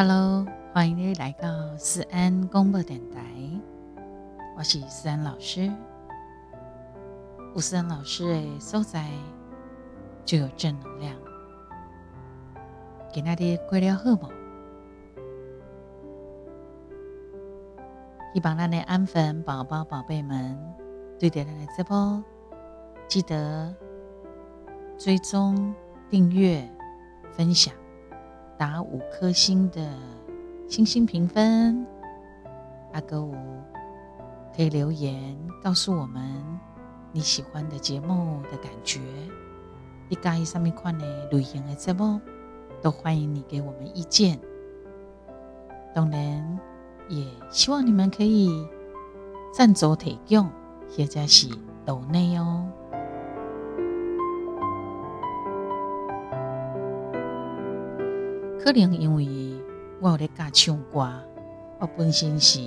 Hello，歡迎你來到思安廣播電台，我是思安老師。有思安老師的所在就有正能量，給那的快樂號碼，希望那裡安粉寶寶，寶、寶，寶貝們對點來直播，記得追蹤、訂閱、分享。打五顆星的星星評分，阿哥五可以留言告訴我們你喜歡的節目的感覺。你介意什麼款的類型的節目，都歡迎你給我們意見。當然，也希望你們可以贊助提供，現在是抖內哦。柯玲，因為我咧教唱歌，我本身是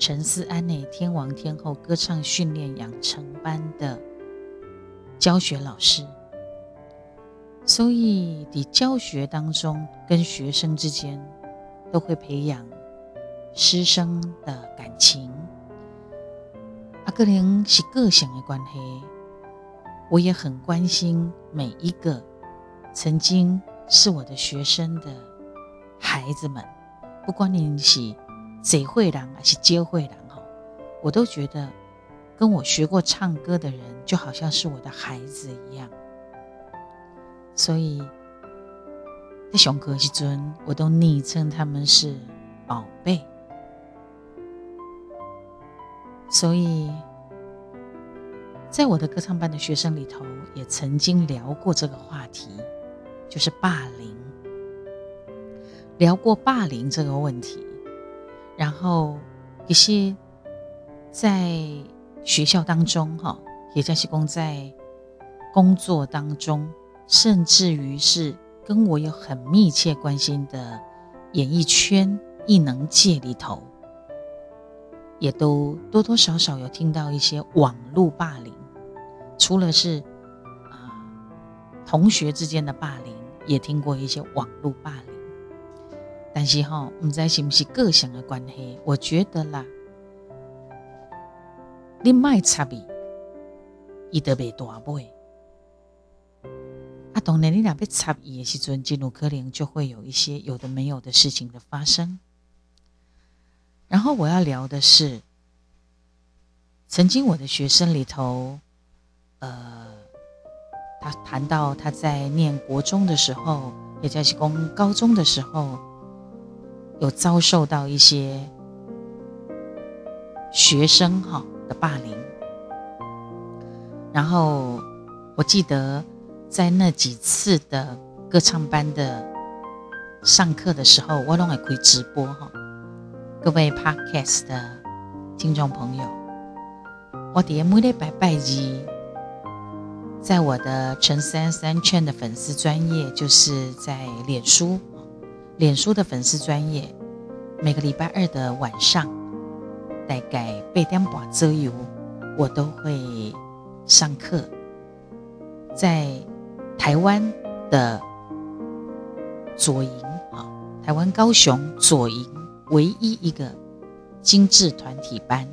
陳思安的天王天后歌唱訓練養成班的教學老師，所以在教學當中，跟學生之間都會培養師生的感情。阿柯玲是個性的關係，我也很關心每一個曾經。是我的學生的孩子們，不管你是誰會然還是街會然，我都覺得跟我學過唱歌的人就好像是我的孩子一樣，所以在熊哥一尊，我都昵稱他們是寶貝。所以在我的歌唱班的學生裡頭，也曾經聊過這個話題。就是霸凌，聊過霸凌這個問題，然後一些在學校當中，哈，也在西工在工作當中，甚至於是跟我有很密切關係的演藝圈、藝能界裡頭，也都多多少少有聽到一些網絡霸凌，除了是啊，同學之間的霸凌。也聽過一些網絡霸凌，但是哈，唔知道，是不是個性的關係，我覺得啦，你賣插伊，伊都未大杯啊，當然你若要插伊的時陣，真有可能就會有一些有的沒有的事情的發生。然後我要聊的是，曾經我的學生裡頭，呃。他談到他在念國中的時候，也在起公高中的時候，有遭受到一些學生哈的霸凌。然後我記得在那幾次的歌唱班的上課的時候，我都還可以直播哈，各位 Podcast 的聽眾朋友，我哋每日拜拜日。在我的陳三三圈的粉絲專頁，就是在臉書，臉書的粉絲專頁，每個禮拜二的晚上，大概八點半左右，我都會上課，在台灣的左營啊，台灣高雄左營唯一一個精致團體班，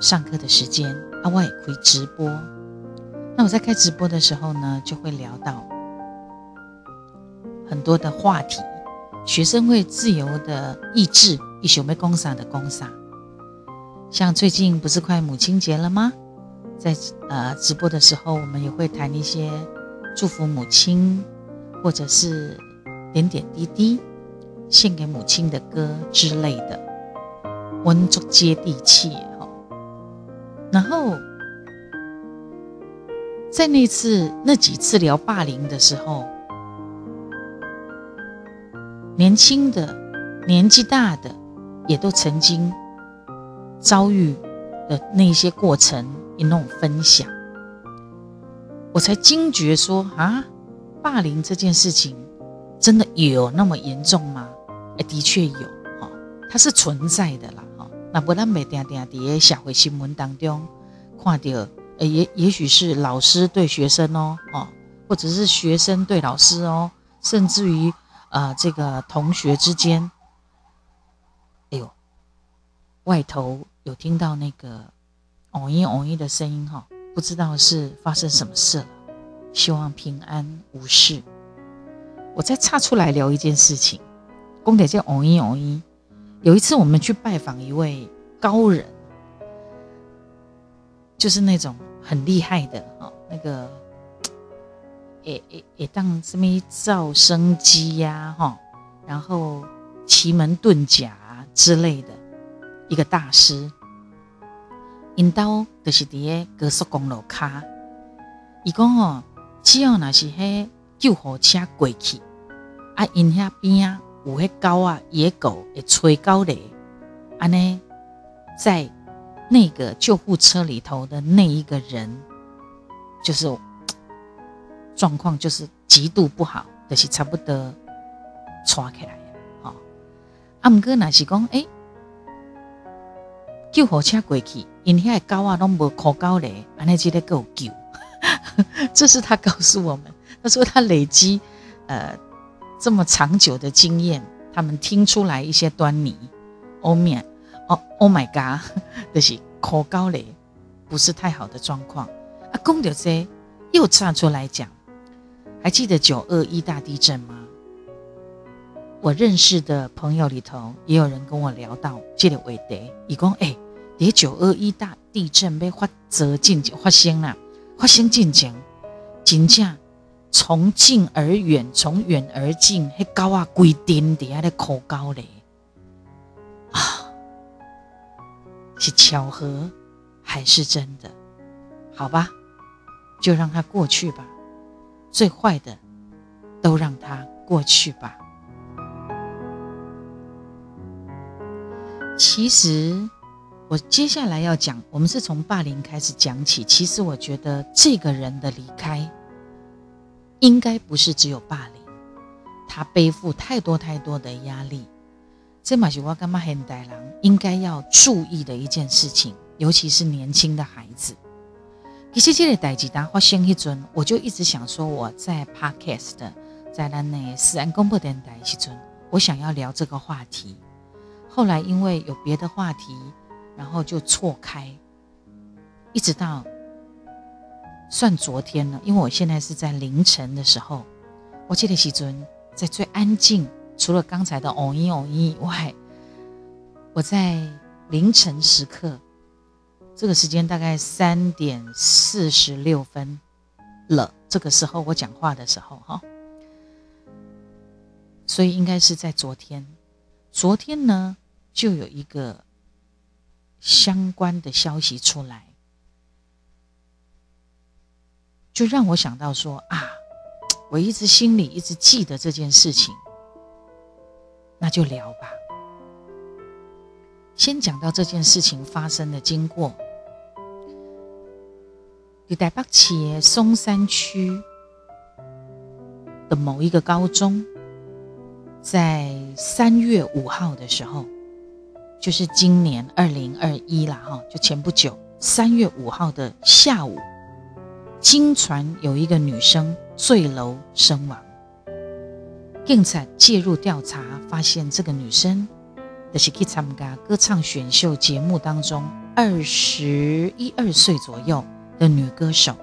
上課的時間，阿外也可以直播。那我在開直播的時候呢，就會聊到很多的話題，學生會自由的意志，一宿沒公灑的公灑。像最近不是快母親節了嗎？在呃直播的時候，我們也會談一些祝福母親，或者是點點滴滴獻給母親的歌之類的，溫足接地氣哈。然後。在那次那幾次聊霸凌的時候，年輕的、年紀大的也都曾經遭遇的那些過程，一種分享，我才驚覺說啊，霸凌這件事情真的有那麼嚴重嗎？的確有哈、哦，它是存在的啦哈。那、哦、不然每天天在社會新聞當中看到。呃，也也許是老師對學生哦，哦，或者是學生對老師哦，甚至於，呃，這個同學之間。哎呦，外頭有聽到那個“嗡一嗡一”的聲音哈、哦，不知道是發生什麼事了，希望平安無事。我再岔出來聊一件事情，功德叫“嗡一嗡一”。有一次我們去拜訪一位高人，就是那種。很厲害的哈，那個會會會，會當什麼造聲機呀吼，然後奇門遁甲之類的一個大師，因兜就是佇個高速公路卡，伊講吼，只要是那是去救護車過去，啊因遐邊啊有迄狗啊野狗會追狗嘞，安尼在。那個救護車裡頭的那一個人，就是狀況，狀況就是極度不好，但，就是差不多喘起來啊。阿姆哥那是講，誒、欸、救護車過去，因遐狗啊都無口高嘞，安尼就得夠救呵呵。這是他告訴我們，他說他累積呃這麼長久的經驗，他們聽出來一些端倪。歐面。哦 oh,，Oh my God，就是恐高嘞，不是太好的狀況。講到這又站出來講，還記得九二一大地震嗎？我認識的朋友裡頭也有人跟我聊到這個話題，記得韋德，伊講哎，佇九二一大地震沒發災進去發生啦，發生進前真正從近而遠，從遠而近，迄高啊規定底下咧恐高嘞啊。是巧合，還是真的？好吧，就讓它過去吧。最壞的，都讓它過去吧。其實，我接下來要講，我們是從霸凌開始講起。其實，我覺得這個人的離開，應該不是只有霸凌，他背負太多太多的壓力。這嘛是，我感覺現代人應該要注意的一件事情，尤其是年輕的孩子。其實這個代誌，大家發現迄陣，我就一直想說，我在 Podcast 在那內，雖然公布的代志，我想要聊這個話題。後來因為有別的話題，然後就錯開，一直到算昨天了。因為我現在是在凌晨的時候，我記得迄陣在最安靜。除了剛才的“哦音哦音”以外，我在凌晨時刻，這個時間大概三點四十六分了。這個時候我講話的時候，哈，所以應該是在昨天。昨天呢，就有一個相關的消息出來，就讓我想到說啊，我一直心裡一直記得這件事情。那就聊吧。先講到這件事情發生的經過。在台北市的松山區的某一個高中，在三月五號的時候，就是今年二零二一了哈，就前不久，三月五號的下午，驚傳有一個女生墜樓身亡。警察介入調查發現，這個女生就是去參加歌唱選秀節目當中二十一二歲左右的女歌手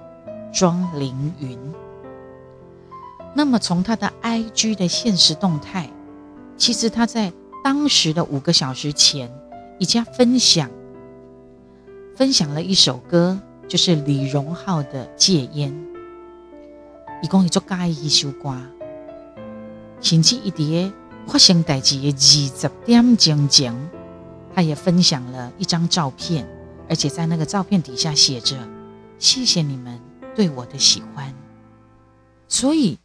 莊凌芸。那麼，從她的 IG 的限時動態，其實她在當時的五個小時前已經分享分享了一首歌，就是李榮浩的《戒煙》。一共就做一首歌。甚至一，日發生代誌的二十點鐘前，前他也分享了一張照片，而且在那個照片底下寫着：“謝謝你們對我的喜歡。”所以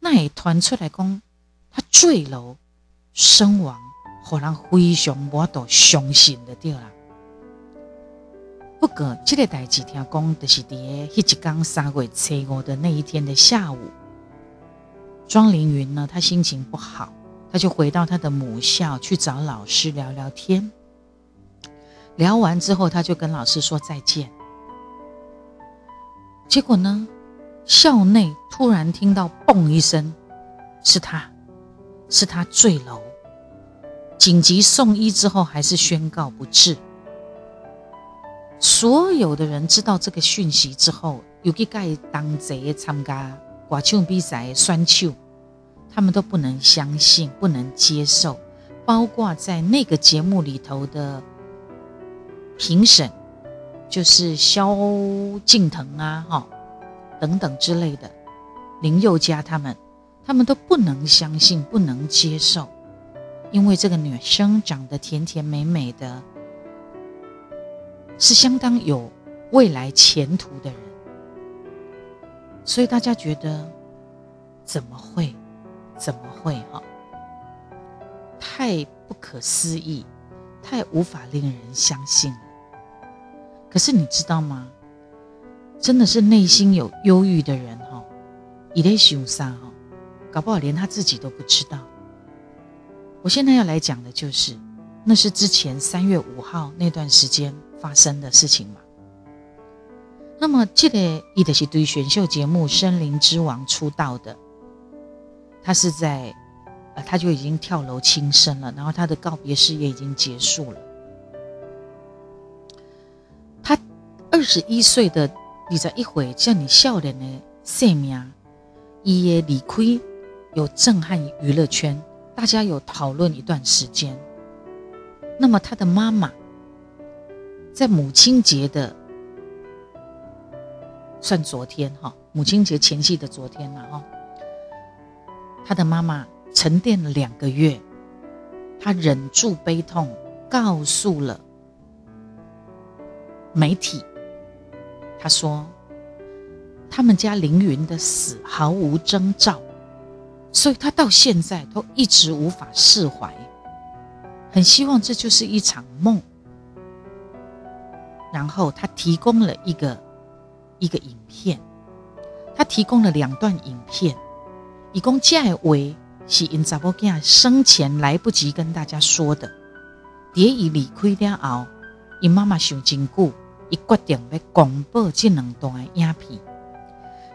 那也傳出來講，他墜樓身亡，讓人非常我都相信的掉了。不過這個代誌聽講，就是在一直剛三月七號的那一天的下午。莊凌芸呢，他心情不好，他就回到他的母校去找老師聊聊天。聊完之後，他就跟老師說再見。結果呢，校內突然聽到“嘣”一聲，是他，是他墜樓。緊急送醫之後，還是宣告不治。所有的人知道這個訊息之後，有幾蓋當賊參加。寡丘、逼仔、酸臭，他們都不能相信，不能接受。包括在那個節目裡頭的評審，就是蕭敬騰啊、哈、哦、等等之類的，林宥嘉他們，他們都不能相信，不能接受。因為這個女生長得甜甜美美的，是相當有未來前途的人。所以大家覺得，怎麼會，怎麼會哈、哦？太不可思議，太無法令人相信了。可是你知道嗎？真的是內心有憂鬱的人哈、哦，伊雷西姆薩哈，搞不好連他自己都不知道。我現在要來講的就是，那是之前三月五號那段時間發生的事情嘛。那麼、這個，這裡，伊的是對選秀節目《聲林之王》出道的，他是在，呃，他就已經跳樓輕生了，然後他的告別式也已經結束了。他二十一歲的你在一回叫你笑臉的生命，伊的離開有震撼娛樂圈，大家有討論一段時間。那麼，他的媽媽在母親節的。算昨天哈，母親節前夕的昨天了哈。她的媽媽沉澱了兩個月，她忍住悲痛，告訴了媒體，她說他們家凌芸的死毫無徵兆，所以她到現在都一直無法釋懷，很希望這就是一場夢。然後她提供了一個。一個影片，他提供了兩段影片，一講這話是因女兒生前來不及跟大家說的。蝶已離開了後，因媽媽想真久了，因決定要公布這兩段影片，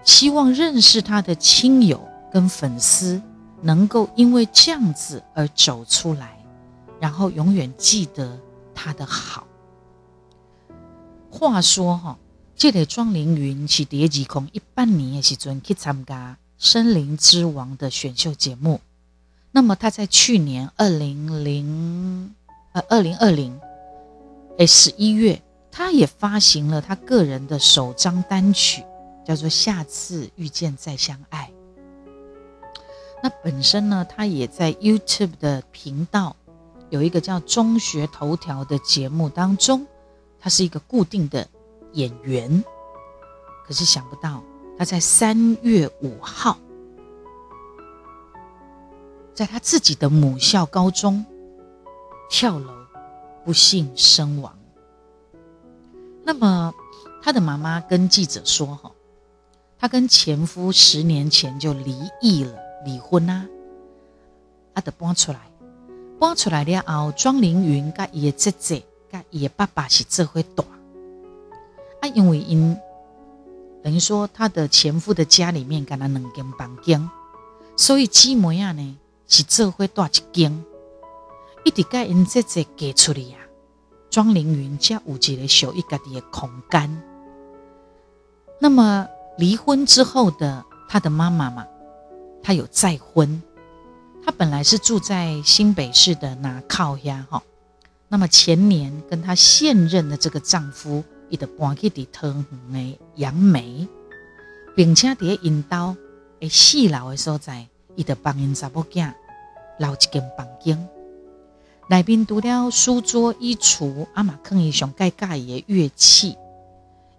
希望認識他的親友跟粉絲能夠因為這樣子而走出來，然後永遠記得他的好。話說哈。這位莊凌芸是，第一季空一半年的時候，去參加《聲林之王》的選秀節目。那麼他在去年二零零呃二零二零十一月，他也發行了他個人的首張單曲，叫做《下次遇見再相愛》。那本身呢，他也在 YouTube 的頻道有一個叫“中學頭條”的節目當中，它是一個固定的。演員，可是想不到，他在三月五號，在他自己的母校高中跳樓，不幸身亡。那麼，他的媽媽跟記者說：“哈，他跟前夫十年前就離異了，離婚啦。啊”阿的搬出來，搬出來了後，莊凌芸跟伊個姐姐、跟伊個爸爸是做伙大。他、啊、因為因等於說，他的前夫的家裡面跟他兩間房間，所以姐妹啊呢是這會住一間。一直介因這這出來呀，莊凌芸家有一個屬於自己的空間。那麼離婚之後的他的媽媽嘛，她有再婚。她本來是住在新北市的那靠下哈。那麼前年跟她現任的這個丈夫。伊著搬去佇桃園誒楊梅，並且佇咧因兜誒四樓誒所在，伊著幫因查某囝留一間房間。內邊除了書桌、衣櫥，阿嘛可以上蓋蓋伊誒樂器。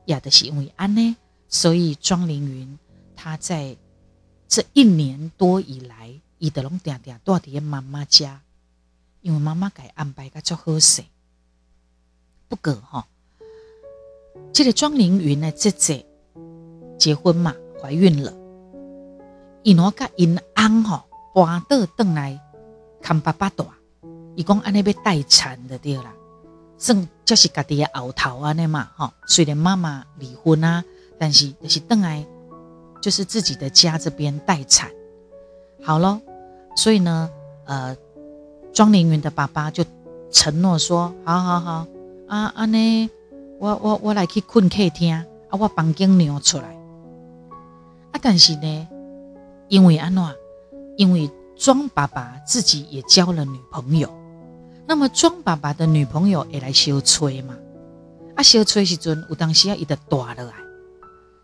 也著是因為安尼，所以莊凌芸他在這一年多以來，伊著攏定定住佇在媽媽家，因為媽媽給伊安排甲足好勢。不過吼、哦。這個莊凌芸呢，姐姐結婚嘛，懷孕了，伊拿甲伊阿吼搬到鄧來，看爸爸了帶了。伊講安尼要待產的對啦，算就是家己的熬頭啊，那嘛吼。雖然媽媽離婚啊，但是那是鄧來，就是自己的家這邊待產。好咯，所以呢，呃，莊凌芸的爸爸就承諾說，好好好，啊啊呢。我我我來去困客廳，啊，我房間讓出來，啊，但是呢，因為按怎？因為莊爸爸自己也交了女朋友，那麼莊爸爸的女朋友也來休催嘛？啊，休催時陣，有當時要一個躲了來，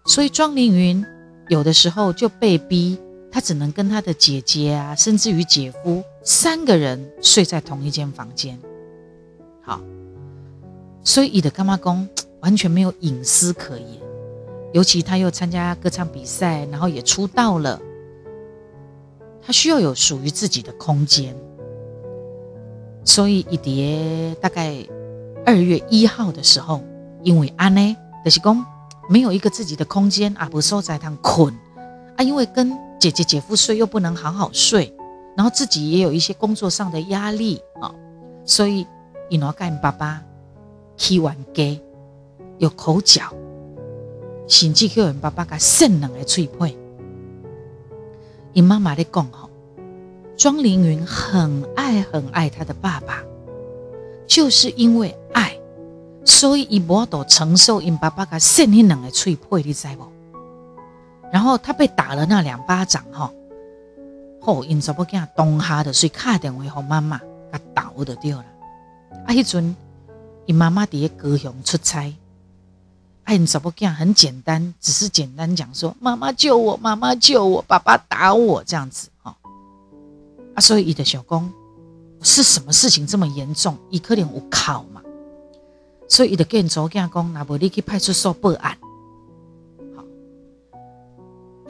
所以莊凌芸有的時候就被逼，他只能跟他的姐姐啊，甚至於姐夫三個人睡在同一間房間，好。所以，伊的乾媽公完全沒有隱私可言，尤其他又參加歌唱比賽，然後也出道了，他需要有屬於自己的空間。所以，伊爹大概二月一號的時候，因為安呢，就西、是、講沒有一個自己的空間啊，不受在湯困，啊，因為跟姐姐姐夫睡又不能好好睡，然後自己也有一些工作上的壓力啊、哦，所以一拿乾爸爸。起冤家，有口角，甚至叫人爸爸甲搧兩個喙䫌。因媽媽咧講吼，莊凌芸很愛很愛他的爸爸，就是因為愛，所以伊無法度承受因爸爸甲搧兩個喙䫌，你知無？然後他被打了那兩巴掌，吼、哦，後因查某囝，當下就隨打電話給媽媽，甲逃得掉了。啊，迄陣。媽媽佇咧高雄出差，啊，因查某囝很簡單，只是簡單講說：“媽媽救我，媽媽救我，爸爸打我，這樣子。哦”哈，啊，所以伊的想講是什麼事情這麼嚴重？伊可能有靠嘛，所以伊的查某囝講，那無你去派出所報案。好、哦，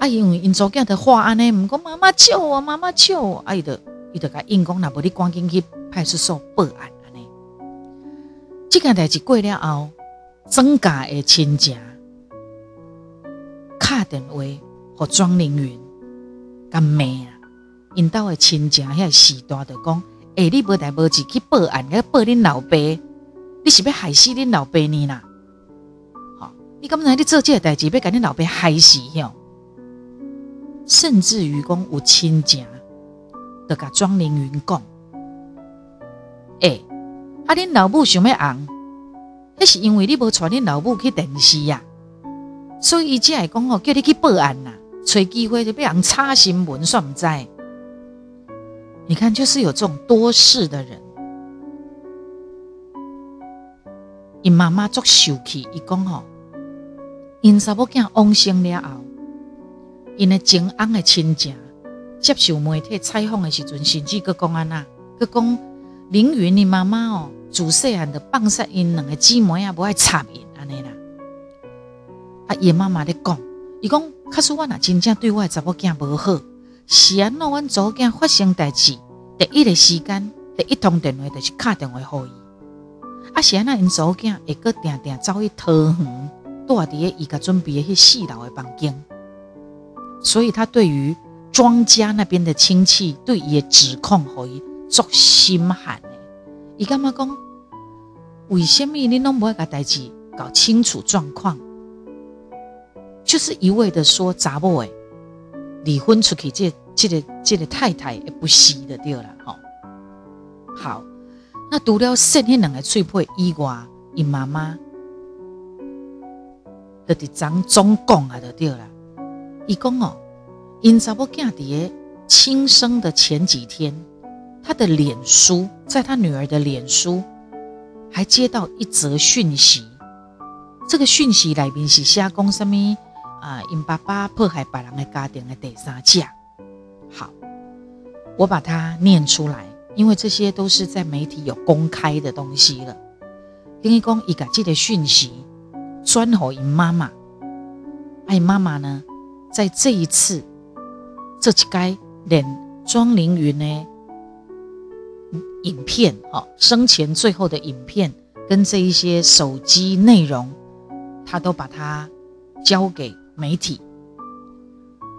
啊，因為因查某囝的話安呢，毋講媽媽救我，媽媽救我，哎、啊、的，伊的甲應講那無你趕緊去派出所報案。這件代志過了後，張家，家的親戚打電話給莊凌芸，幹咩啊？因兜的親戚遐時段就講，哎，你無代無誌去報案，你要報恁老爸，你是要害死恁老爸呢啦？好，哦，你幹嘛呢？你做這個代志要把恁老爸害死喲？甚至於講有親戚，得甲莊凌芸講，哎、欸。啊！恁老母想要紅，那是因為你無傳恁老母去電視啊，所以才會講吼、哦，叫你去報案啊，找機會就被人插新聞煞毋知。你看，就是有這種多事的人。因媽媽足受氣，伊講吼，因查某囝往生了後，因的親案個親戚接受媒體採訪的時陣，甚至閣講安那，閣講凌芸，你媽媽哦。自細漢的，就放殺因兩個姊妹不無愛插面安尼啦。阿伊媽媽咧講，伊講，卡叔我吶真正對我查某囝無好，是啊，若阮查某囝發生代志，第一個時間，第一通電話就是卡電話呼伊。啊，是啊，因查某囝會個定定走去桃園，住佇個伊個準備的四樓的房間。所以他對於莊家那邊的親戚對伊的指控很，予伊心寒。伊幹嘛講？為什麼你攏不愛甲代志搞清楚狀況？就是一味的說查某誒，離婚出去，這、這、個、這個、這個太太也不惜的對啦，吼。好，那除了先天兩個脆配以外，因媽媽得一張總共啊，就對啦。伊講哦，因查某佇咧輕生的前幾天。他的臉書，在他女兒的臉書，還接到一則訊息。這個訊息裡面是瞎講什麼啊？因、呃、爸爸迫害白人的家庭的第三者。好，我把它念出來，因為這些都是在媒體有公開的東西了。跟你講，一個這的訊息專好因媽媽，哎，媽媽呢，在這一次這幾個人莊凌芸呢？影片哈、哦，生前最後的影片跟這一些手機內容，他都把它交給媒體。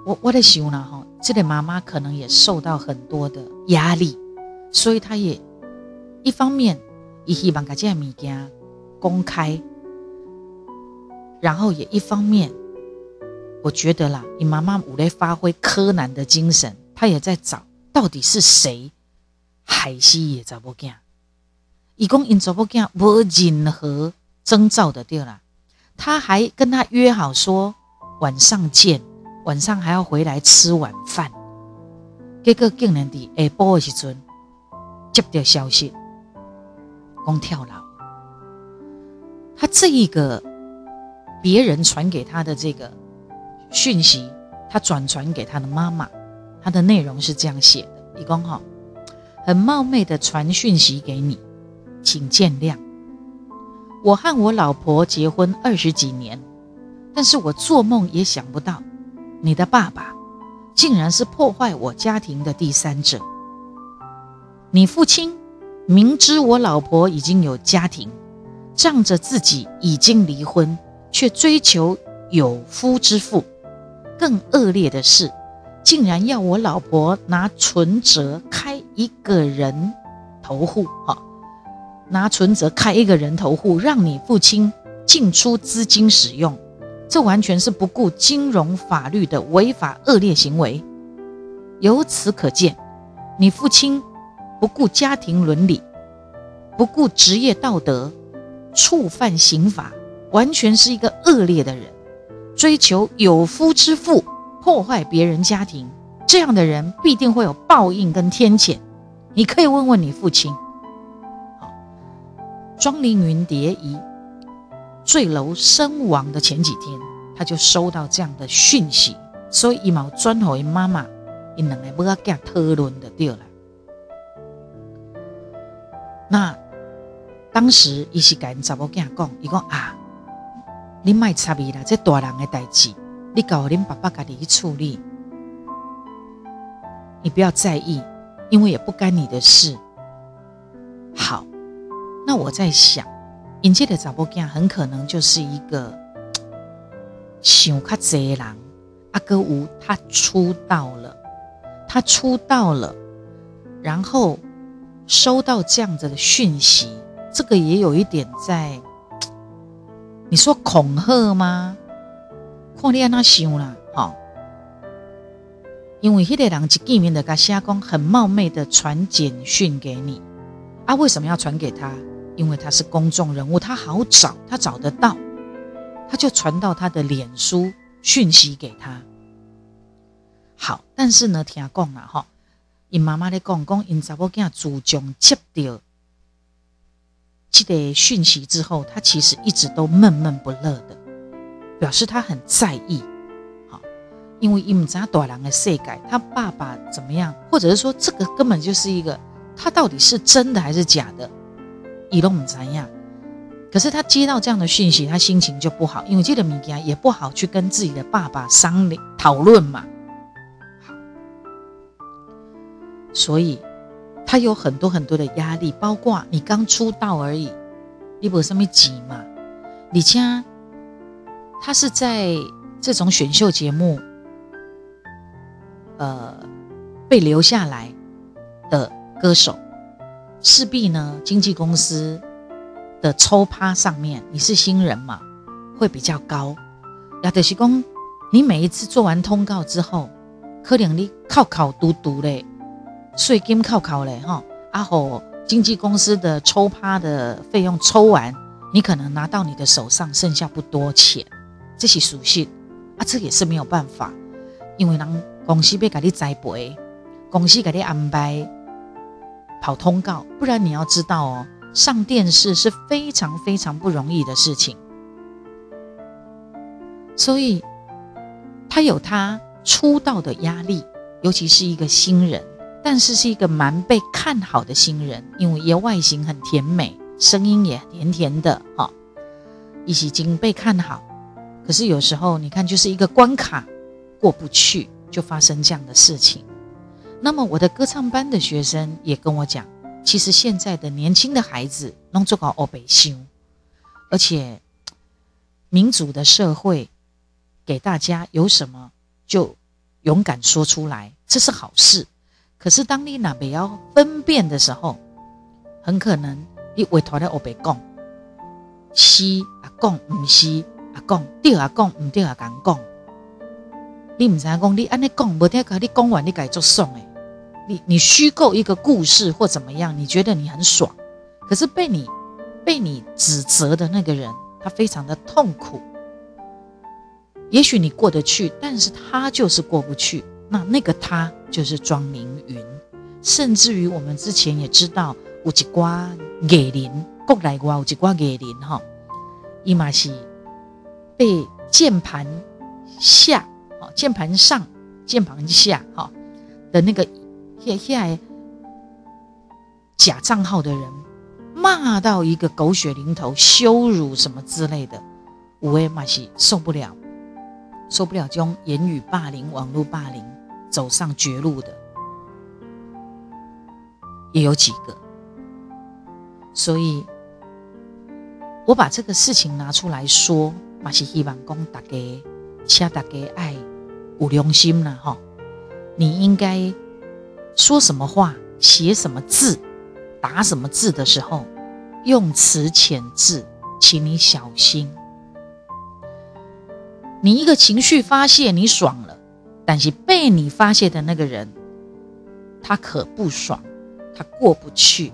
我我在想呢，哈、哦，這個媽媽可能也受到很多的壓力，所以他也一方面，伊希望家己個物件公開，然後也一方面，我覺得啦，你媽媽有在發揮柯南的精神，他也在找到底是誰。害死一個查某囡仔，伊講阮查某囡仔，無任何徵兆的掉了。他還跟他約好說晚上見，晚上還要回來吃晚飯。結果竟然在下晡的時陣接到消息，說跳樓。他這一個別人傳給他的這個訊息，他轉傳給他的媽媽，他的內容是這樣寫的：伊講。很冒昧的傳訊息給你，請見諒。我和我老婆結婚二十幾年，但是我做夢也想不到，你的爸爸竟然是破壞我家庭的第三者。你父親明知我老婆已經有家庭，仗着自己已經離婚，卻追求有夫之婦。更惡劣的是，竟然要我老婆拿存摺開一個人頭戶，哈、哦，拿存摺開一個人頭戶，讓你父親進出資金使用，這完全是不顧金融法律的違法惡劣行為。由此可見，你父親不顧家庭倫理，不顧職業道德，觸犯刑法，完全是一個惡劣的人，追求有夫之婦。破壞別人家庭，這樣的人必定會有報應跟天譴。你可以問問你父親。莊、哦、凌芸蝶儀墜樓身亡的前幾天，他就收到這樣的訊息。所以一毛磚頭因媽媽因兩個母仔仔討論的對了。那當時伊是跟查某囝講，伊講啊，你莫插伊啦，這大人的代志。你搞我連爸爸家你去處理，你不要在意，因為也不干你的事。好，那我在想，迎接的早報件很可能就是一個想較濟人阿哥吳他出道了，他出道了，然後收到這樣子的訊息，這個也有一點在，你說恐嚇嗎？看你怎麼想啦、啊哦，因為那個人一見面的很冒昧的傳簡訊給你，啊，為什麼要傳給他？因為他是公眾人物，他好找，他找得到，他就傳到他的臉書訊息給他。好，但是呢，聽他講啦，哈、哦，因媽媽在講講因查某囝自從接到這個訊息之後，他其實一直都悶悶不樂的。表示他很在意，因為伊毋知，大人的世界，他爸爸怎麼樣，或者是說這個根本就是一個，他到底是真的還是假的，伊攏唔怎樣？可是他接到這樣的訊息，他心情就不好，因為這個米吉也不好去跟自己的爸爸商量討論嘛，所以他有很多很多的壓力，包括你剛出道而已，你不上面擠嗎你家他是在這種選秀節目，呃，被留下來的歌手，勢必呢經紀公司的抽趴上面，你是新人嘛，會比較高。要的是說，你每一次做完通告之後，可能你靠考讀讀嘞，稅金靠考嘞，哈、啊，阿好經紀公司的抽趴的費用抽完，你可能拿到你的手上剩下不多錢。這些屬性啊，這也是沒有辦法，因為人公司被給你栽培，公司給你安排跑通告，不然你要知道哦，上電視是非常非常不容易的事情。所以他有他出道的壓力，尤其是一個新人，但是是一個蠻被看好的新人，因為也外形很甜美，聲音也甜甜的，哈、哦，已經被看好。可是有時候，你看，就是一個關卡過不去，就發生這樣的事情。那麼我的歌唱班的學生也跟我講，其實現在的年輕的孩子弄做個歐北修，而且民主的社會給大家有什麼就勇敢說出來，這是好事。可是當你南北要分辨的時候，很可能你會拖了歐北講，是啊，講唔是阿講，對阿講，唔對阿講，講，你唔使講，你安尼講，無聽個，你講完，你家己足爽誒。你你虛構一個故事或怎麼樣，你覺得你很爽，可是被你被你指責的那個人，他非常的痛苦。也許你過得去，但是他就是過不去。那那個他就是莊凌芸，甚至於我們之前也知道有一寡藝人，國內外有一寡藝人，哈，伊嘛是。被鍵盤下，鍵盤上，鍵盤下，哈，的那個嘿嘿，假賬號的人罵到一個狗血淋頭，羞辱什麼之類的，有的也是，受不了，受不了這種言語霸凌、網絡霸凌，走上絕路的也有幾個，所以我把這個事情拿出來說。我是希望講大家，請大家愛有良心了哈。你應該說什麼話，寫什麼字，打什麼字的時候，用詞遣字，請你小心。你一個情緒發洩，你爽了，但是被你發洩的那個人，他可不爽，他過不去。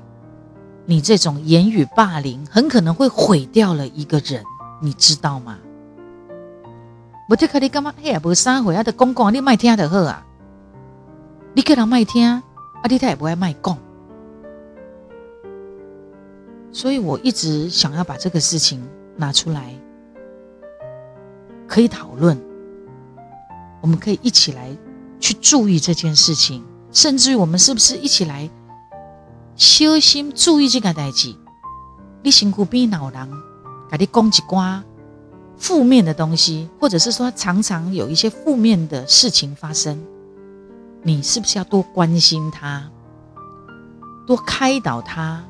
你這種言語霸凌，很可能會毀掉了一個人。你知道嗎？我看你幹嘛，你聽你聽，他也不愛賣講，所以我一直想要把這個事情拿出來，可以討論。我們可以一起來去注意這件事情，甚至於我們是不是一起來小心注意這個代志？你辛苦變老人。給你攻擊、瓜，負面的東西，或者是說常常有一些負面的事情發生，你是不是要多關心他、多開導他，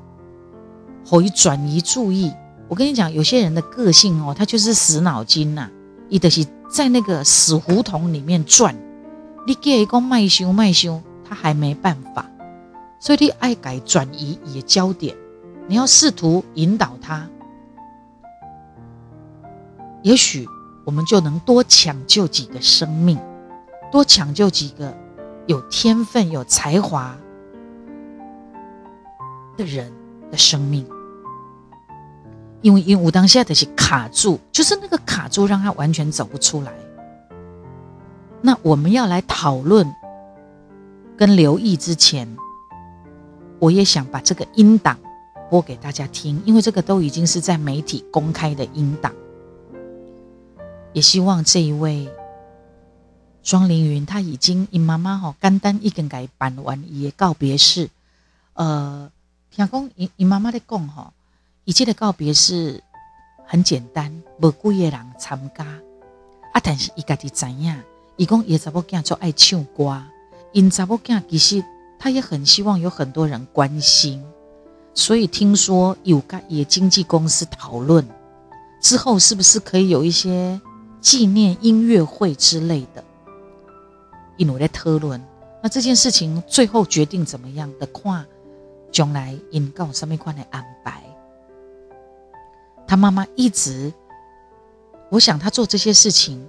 回轉移注意？我跟你講，有些人的個性哦，他就是死腦筋吶、啊，一直是在那個死胡同裡面轉，你給一個賣修賣修，他還沒辦法，所以你愛改轉移也焦點，你要試圖引導他。也許我們就能多搶救幾個生命，多搶救幾個有天分、有才華的人的生命，因為因為我當下的是卡住，就是那個卡住讓他完全走不出來。那我們要來討論跟留意之前，我也想把這個音檔播給大家聽，因為這個都已經是在媒體公開的音檔。也希望這一位莊凌芸，他，已經因媽媽吼，媽媽哦、簡單已經甲伊辦完伊的告別式。呃，聽講因因媽媽的講吼，一切的告別式很簡單，無幾個人參加。啊，但是伊家己知影，伊講伊查某囝做愛唱歌，因查某囝其實他也很希望有很多人關心，所以聽說有家伊的經紀公司討論，之後是不是可以有一些。紀念音樂會之類的，因為我在討論那這件事情最後決定怎麼樣，就將麼樣的話，將來引告上面快來安排。他媽媽一直，我想他做這些事情，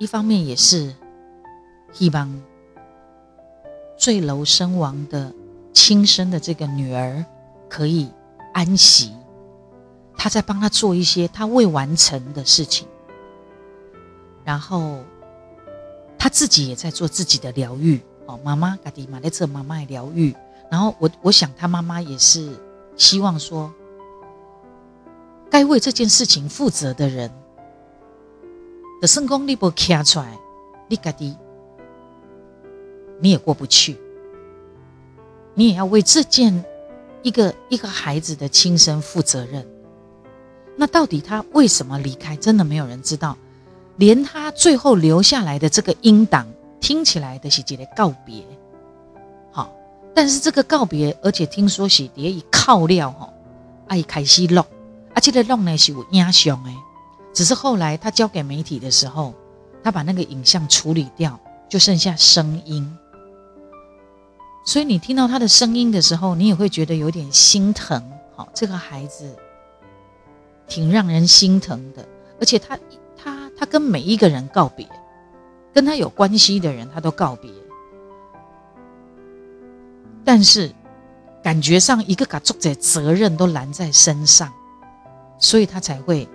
一方面也是希望墜樓身亡的親生的這個女兒可以安息。他在幫他做一些他未完成的事情。然後他自己也在做自己的療癒哦，媽媽，嘎迪馬在這，媽媽也療癒。然後我我想，他媽媽也是希望說，該為這件事情負責的人的聖功力不卡出來，你嘎迪，你也過不去，你也要為這件一個一個孩子的親身負責任。那到底他為什麼離開？真的沒有人知道。連他最後留下來的這個音檔聽起來的，是杰的告別。好，但是這個告別，而且聽說喜蝶一靠料。哈，愛開始錄，而且在錄呢是有影像哎，只是後來他交給媒體的時候，他把那個影像處理掉，就剩下聲音，所以你聽到他的聲音的時候，你也會覺得有點心疼，好，這個孩子挺讓人心疼的，而且他。他他跟每一個人告別，跟他有關係的人他都告別。但是，感覺上一個家族的責任都攬在身上，所以他才會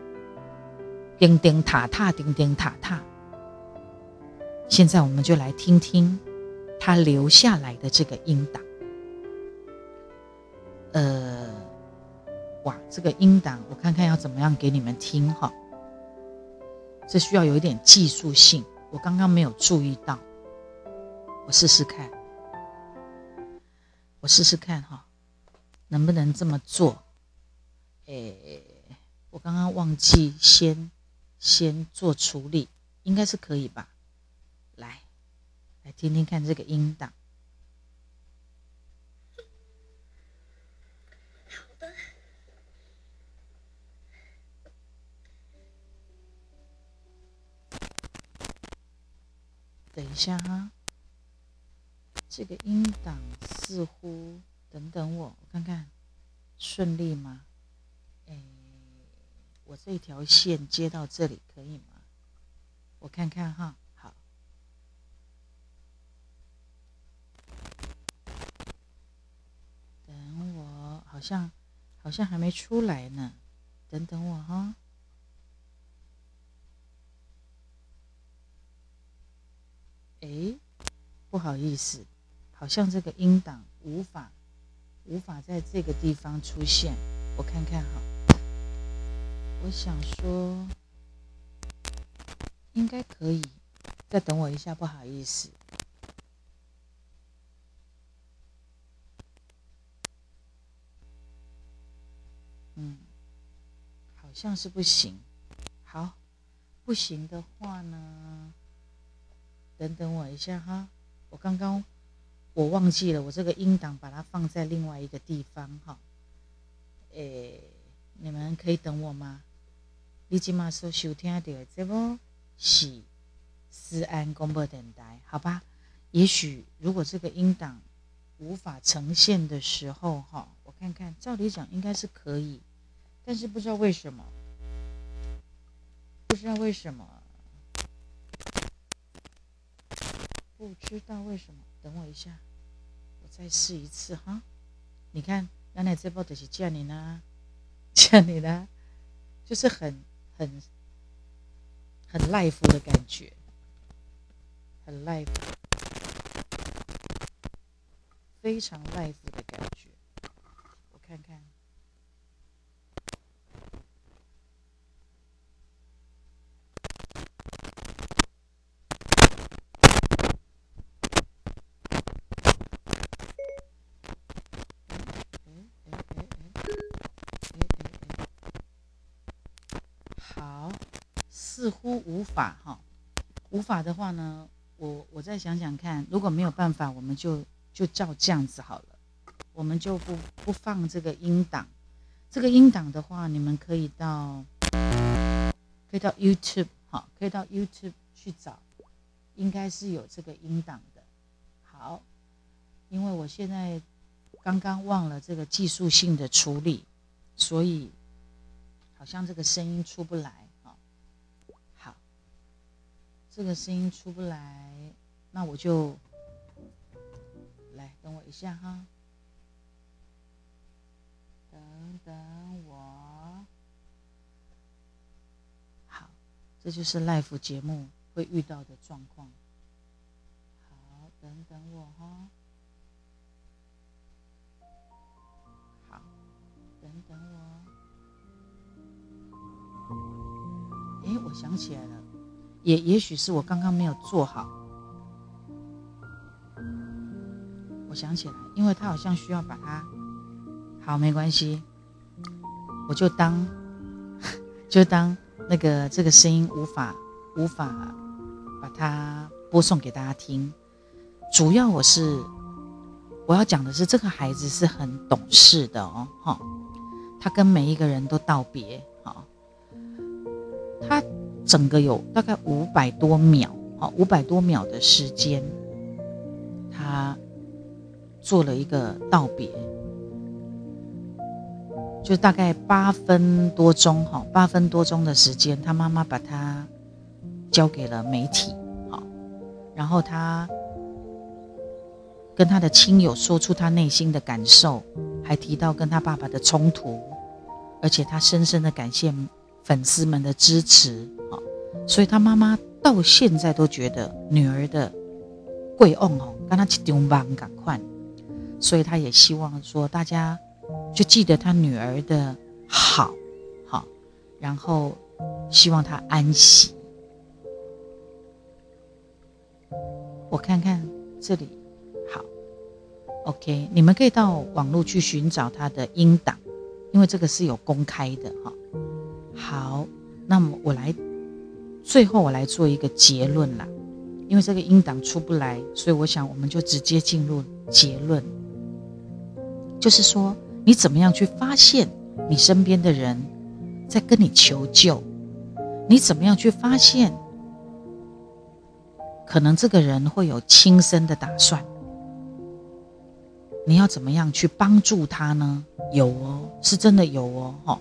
叮叮塔塔，叮叮塔塔。現在我們就來聽聽他留下來的這個音檔。呃，哇，這個音檔我看看要怎麼樣給你們聽哈。這需要有一點技術性，我剛剛沒有注意到。我試試看，我試試看哈，能不能這麼做？誒，我剛剛忘記先先做處理，應該是可以吧？來，來聽聽看這個音檔。等一下哈，這個音檔似乎……等等我，我看看順利嗎？哎、欸，我這條線接到這裡可以嗎？我看看哈，好。等我，好像好像還沒出來呢，等等我哈。哎、欸，不好意思，好像這個音檔無法無法在這個地方出現。我看看哈，我想說應該可以，再等我一下，不好意思。嗯，好像是不行。好，不行的話呢？等等我一下哈，我剛剛我忘記了我這個音檔把它放在另外一個地方哈，誒、欸，你們可以等我嗎？你起碼說收聽的這個是思安廣播電台，好吧？也許如果這個音檔無法呈現的時候哈，我看看，照理講應該是可以，但是不知道為什麼，不知道為什麼。不知道為什麼，等我一下，我再試一次哈。你看，原來這包東西見你呢，見你呢，就是很很很 life 的感覺，很 life，非常 life 的感覺。我看看。似乎無法哈，無法的話呢，我我再想想看，如果沒有辦法，我們就就照這樣子好了，我們就不不放這個音檔，這個音檔的話，你們可以到可以到 YouTube 哈，可以到 YouTube 去找，應該是有這個音檔的。好，因為我現在剛剛忘了這個技術性的處理，所以好像這個聲音出不來。這個聲音出不來，那我就來等我一下哈。等等我，好，這就是 live 節目會遇到的狀況。好，等等我哈。好，等等我。哎，我想起來了。也也許是我剛剛沒有做好，我想起來，因為他好像需要把它，好，沒關係，我就當，就當那個這個聲音無法無法把它播送給大家聽。主要我是我要講的是，這個孩子是很懂事的哦，哈，他跟每一個人都道別，好，他。整個有大概五百多秒，啊，五百多秒的時間，他做了一個道別，就大概八分多鐘，哈，八分多鐘的時間，他媽媽把他交給了媒體，啊，然後他跟他的親友說出他內心的感受，還提到跟他爸爸的衝突，而且他深深的感謝粉絲們的支持。所以，他媽媽到現在都覺得女兒的跪案哦，跟他去丟班，趕快。所以，他也希望說大家就記得他女兒的好，好，然後希望他安息。我看看這裡，好，OK，你們可以到網絡去尋找他的音檔，因為這個是有公開的哈。好,好，那麼我來。最後我來做一個結論啦，因為這個音檔出不來，所以我想我們就直接進入結論。就是說，你怎麼樣去發現你身邊的人在跟你求救？你怎麼樣去發現可能這個人會有輕生的打算？你要怎麼樣去幫助他呢？有哦，是真的有哦，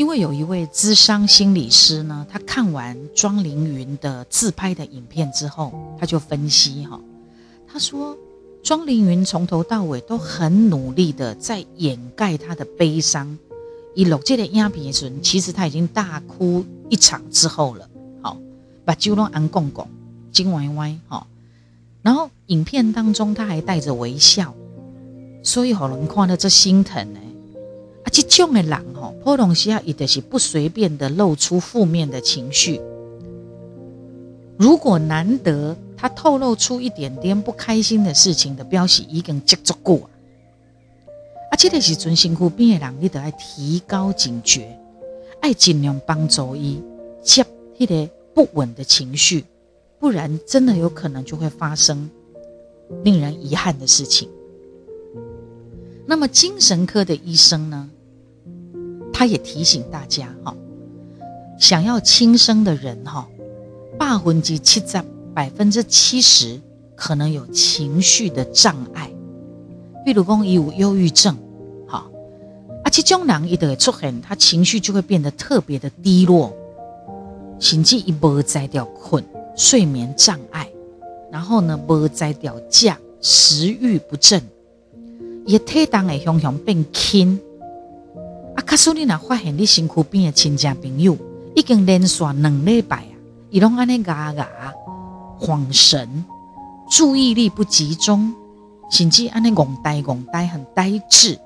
因為有一位諮商心理師呢，他看完莊凌芸的自拍的影片之後，他就分析哈、哦，他說莊凌芸從頭到尾都很努力的在掩蓋他的悲傷，以錄這個影片的時其實他已經大哭一場之後了。好、哦，把酒攏安共共，金歪歪哈、哦。然後影片當中他還帶着微笑，所以好人看到這心疼呢。啊，這種的人吼、哦，普隆西亞伊就是不隨便的露出負面的情緒。如果難得他透露出一點點不開心的事情的，表示已經積足過。啊，這裡是准辛苦變的人，你得愛提高警覺，愛盡量幫助伊接迄個不穩的情緒，不然真的有可能就會發生令人遺憾的事情。那麼精神科的醫生呢，他也提醒大家哈，想要輕生的人哈，八魂及七0百分之七十可能有情緒的障礙，例如說有憂鬱症，好、啊，而且中南一得出現，他情緒就會變得特別的低落，情緒一波摘掉困，睡眠障礙，然後呢，波摘掉降，食慾不振。伊的體重會向向變輕，啊！可是你若發現你身軀邊的親戚朋友，已經連續兩禮拜啊，伊攏安尼咖咖，恍神，注意力不集中，甚至安尼戇呆戇呆，很呆滯，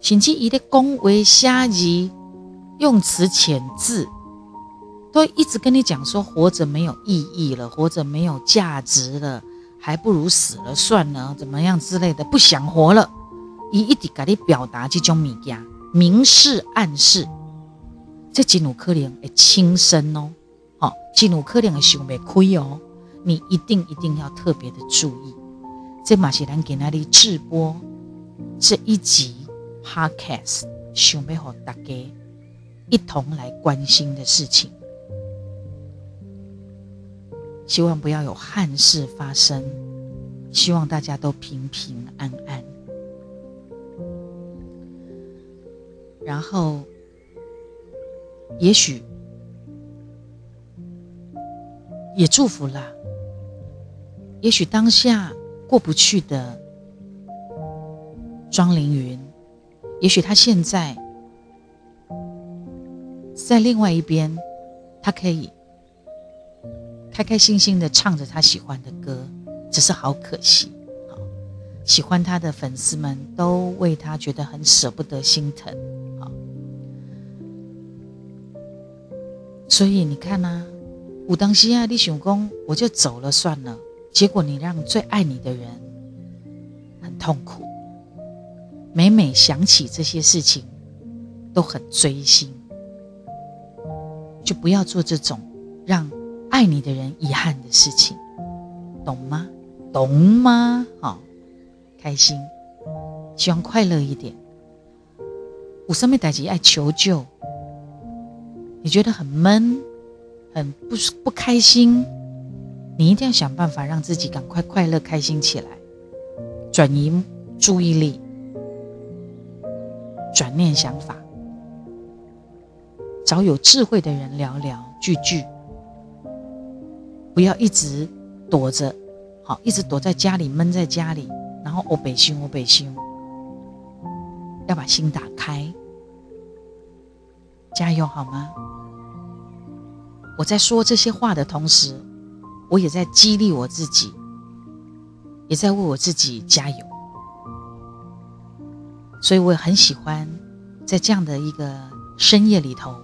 甚至伊咧講話寫字用詞遣字，都一直跟你講說活着沒有意義了，活着沒有價值了。還不如死了算了，怎麼樣之類的，不想活了，伊一直給你表達這種物件，明示暗示，這極有可能會輕生哦，哦，極有可能會想不開哦，你一定一定要特別的注意。這嘛是咱今天的直播這一集 Podcast，想要和大家一同來關心的事情。希望不要有憾事發生，希望大家都平平安安。然後，也許也祝福了。也許當下過不去的莊凌芸，也許他現在在另外一邊，他可以。開開心心的唱着他喜歡的歌，只是好可惜，哦、喜歡他的粉絲們都為他覺得很捨不得、心疼、哦。所以你看吶、啊，我當時啊，你想說，我就走了算了，結果你讓最愛你的人很痛苦。每每想起這些事情，都很錐心，就不要做這種讓。愛你的人，遺憾的事情，懂嗎？懂嗎？好，開心，希望快樂一點。我上面代志愛求救，你覺得很悶，很不不開心，你一定要想辦法讓自己趕快快樂開心起來，轉移注意力，轉念想法，找有智慧的人聊聊聚聚。不要一直躲着，好，一直躲在家裡，悶在家裡，然後我、哦、北心，我、哦、北心，要把心打開，加油好嗎？我在說這些話的同時，我也在激勵我自己，也在為我自己加油。所以我也很喜歡在這樣的一個深夜裡頭，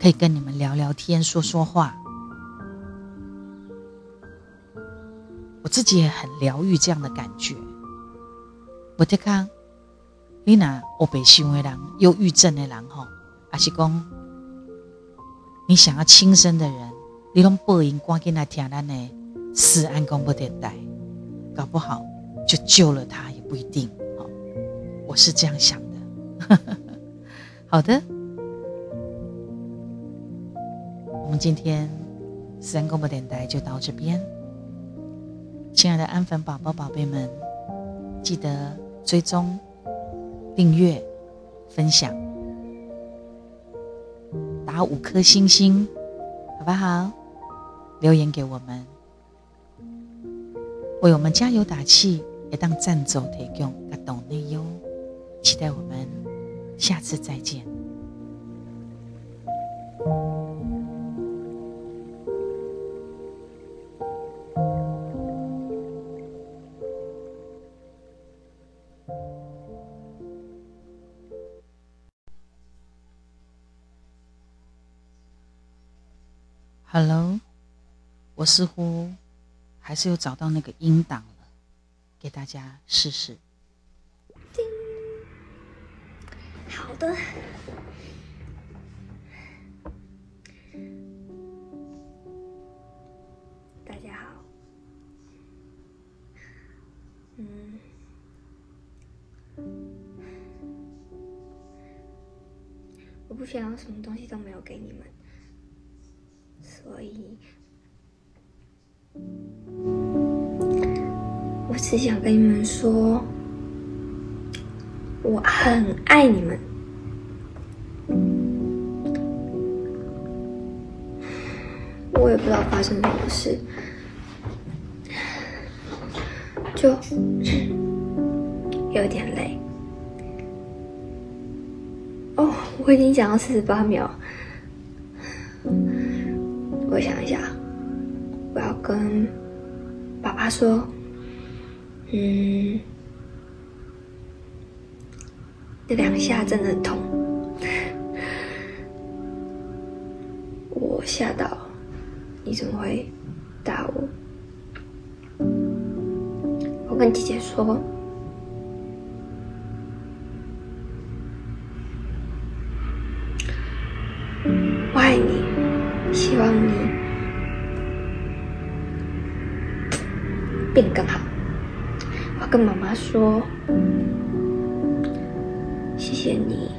可以跟你們聊聊天，說說話。自己也很療癒這樣的感覺。我得講，你那有被成為人憂鬱症的人吼，還是講你想要輕生的人，你攏報應關進來聽咱的《死安公婆電台》，搞不好就救了他也不一定。哦，我是這樣想的。 好的，我們今天《死安公婆電台》就到這邊。親愛的安粉寶寶，寶、寶貝們，記得追蹤、訂閱、分享，打五顆星星，好不好？留言給我們，為我們加油打氣，也當贊助提供感動力喲。期待我們下次再見。我似乎還是又找到那個音檔了，給大家試試。好的，大家好。嗯，我不想要什麼東西都沒有給你們，所以。只想跟你們說，我很愛你們。我也不知道發生什麼事，就有點累。哦，我已經講到四十八秒，我想一想，我要跟爸爸說。嗯，那兩下真的很痛， 我嚇到，你怎麼會打我？我跟姐姐說。跟媽媽說，謝謝你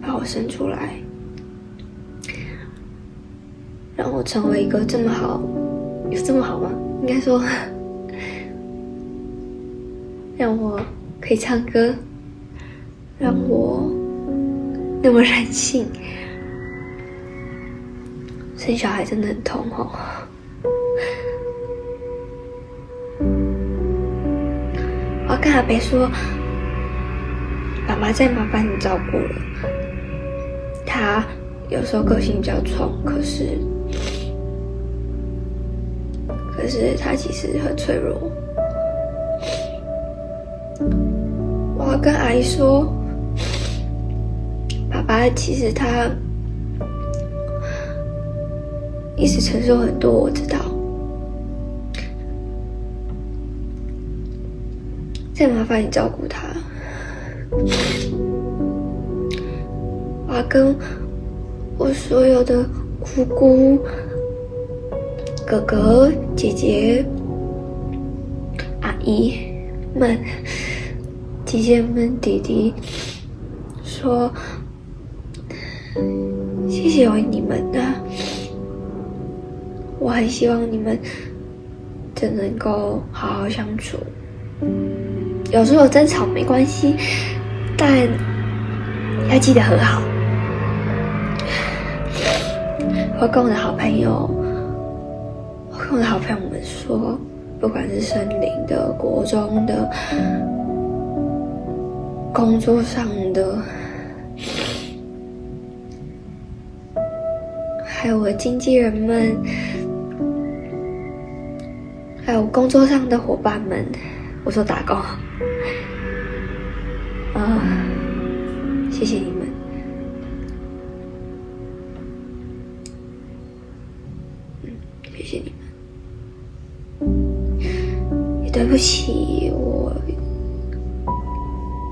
把我生出來，讓我成為一個這麼好，有這麼好嗎？應該說，讓我可以唱歌，讓我那麼任性。生小孩真的很痛哦。那還別說，爸爸再麻煩你照顧了。他有時候個性比較衝，可是，可是他其實很脆弱。我要跟阿姨說，爸爸其實他一直承受很多，我知道。再麻煩你照顧他。我要跟我所有的姑姑、哥哥、姐姐、阿姨們、姐姐們、弟弟說：“謝謝你們啊，我很希望你們真能夠好好相處。”有時候爭吵沒關係，但要記得和好。我跟我的好朋友，我跟我的好朋友們說，不管是森林的、國中的、工作上的，還有我的經紀人們，還有我工作上的夥伴們，我說打工。啊、哦！謝謝你們，嗯，謝謝你們。也對不起，我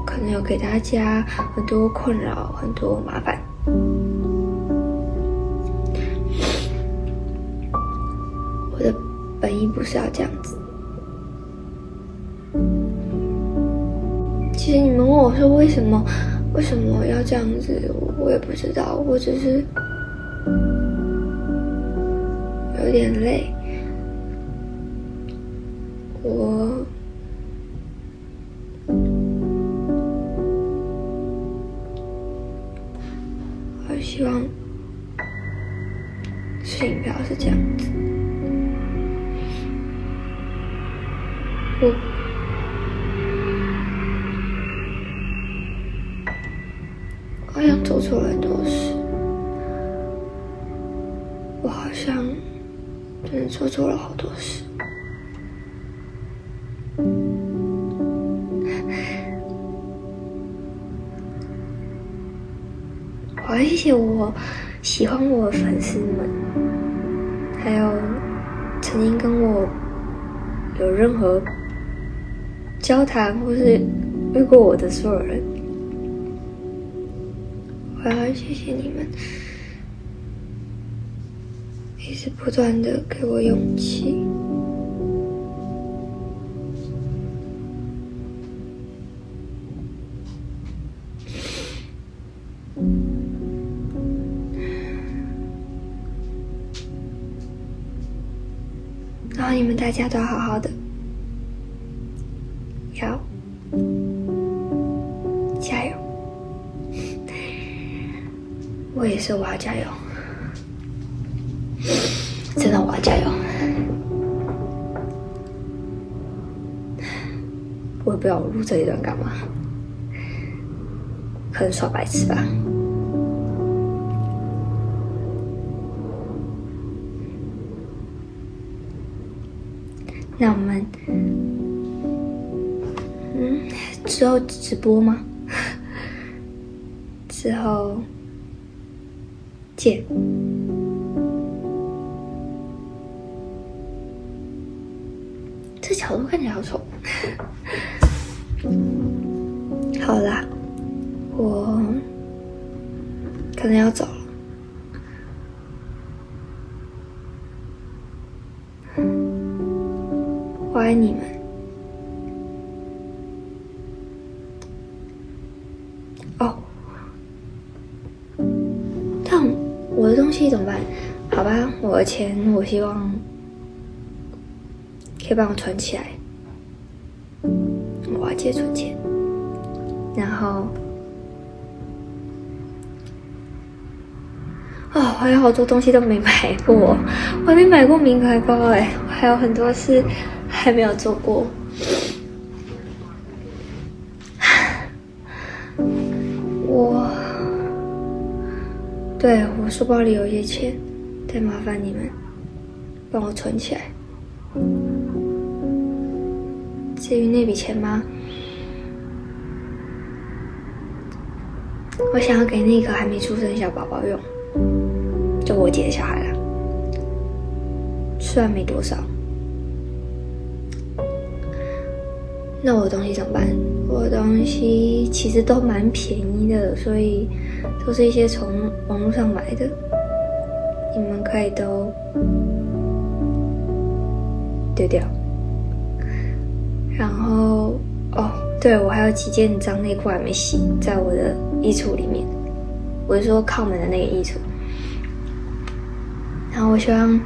可能有給大家很多困擾，很多麻煩。我的本意不是要這樣子。其實你們問我說，為什麼為什麼要這樣子我，我也不知道，我只是有點累，我好希望事情不要是這樣子，我。做了很多事，我好像真的做錯了好多事。我也，我喜歡我的粉絲們，還有曾經跟我有任何交談或是問過我的所有人。反而謝謝你們，一直不斷的給我勇氣。然後你們大家都好好的。真我要加油！真的我要加油！我也不知道我錄這一段幹嘛，可能耍白痴吧。那我們，嗯，之後直播嗎？之後。姐，這角度看起來好醜。 好啦，我可能要走了，我愛你們。錢，我希望可以幫我存起來。我要借存錢。然後，哦，還有好多東西都沒買過，我還沒買過名牌包哎，欸，我還有很多事還沒有做過。我，對，我書包裡有一些錢。再麻煩你們幫我存起來。至於那筆錢嗎？我想要給那個還沒出生小寶寶用，就我姐的小孩了。雖然沒多少。那我的東西怎麼辦？我的東西其實都蠻便宜的，所以都是一些從網絡上買的。你們可以都丟掉，然後哦，對，我還有幾件髒內褲還沒洗，在我的衣櫥裡面，我是說靠門的那個衣櫥。然後我希望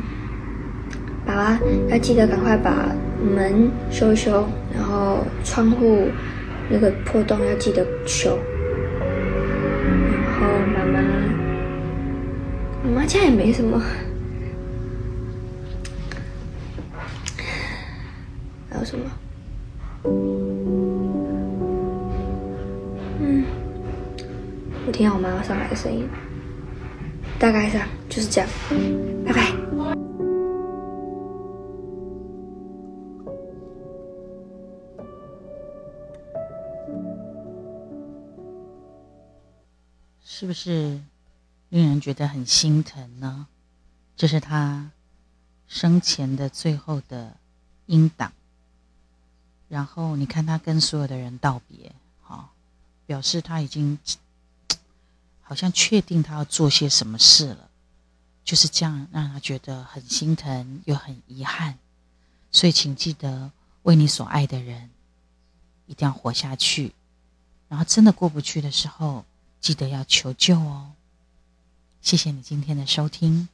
爸爸要記得趕快把門修一修，然後窗戶那個破洞要記得修。這也沒什麼，還有什麼？嗯，我聽到我媽媽上來的聲音，大概是啊，就是這樣。拜拜。是不是？令人覺得很心疼呢，這是他生前的最後的音檔。然後你看他跟所有的人道別，好，表示他已經好像確定他要做些什麼事了。就是這樣，讓他覺得很心疼又很遺憾。所以，請記得為你所愛的人一定要活下去。然後真的過不去的時候，記得要求救哦。謝謝你今天的收聽。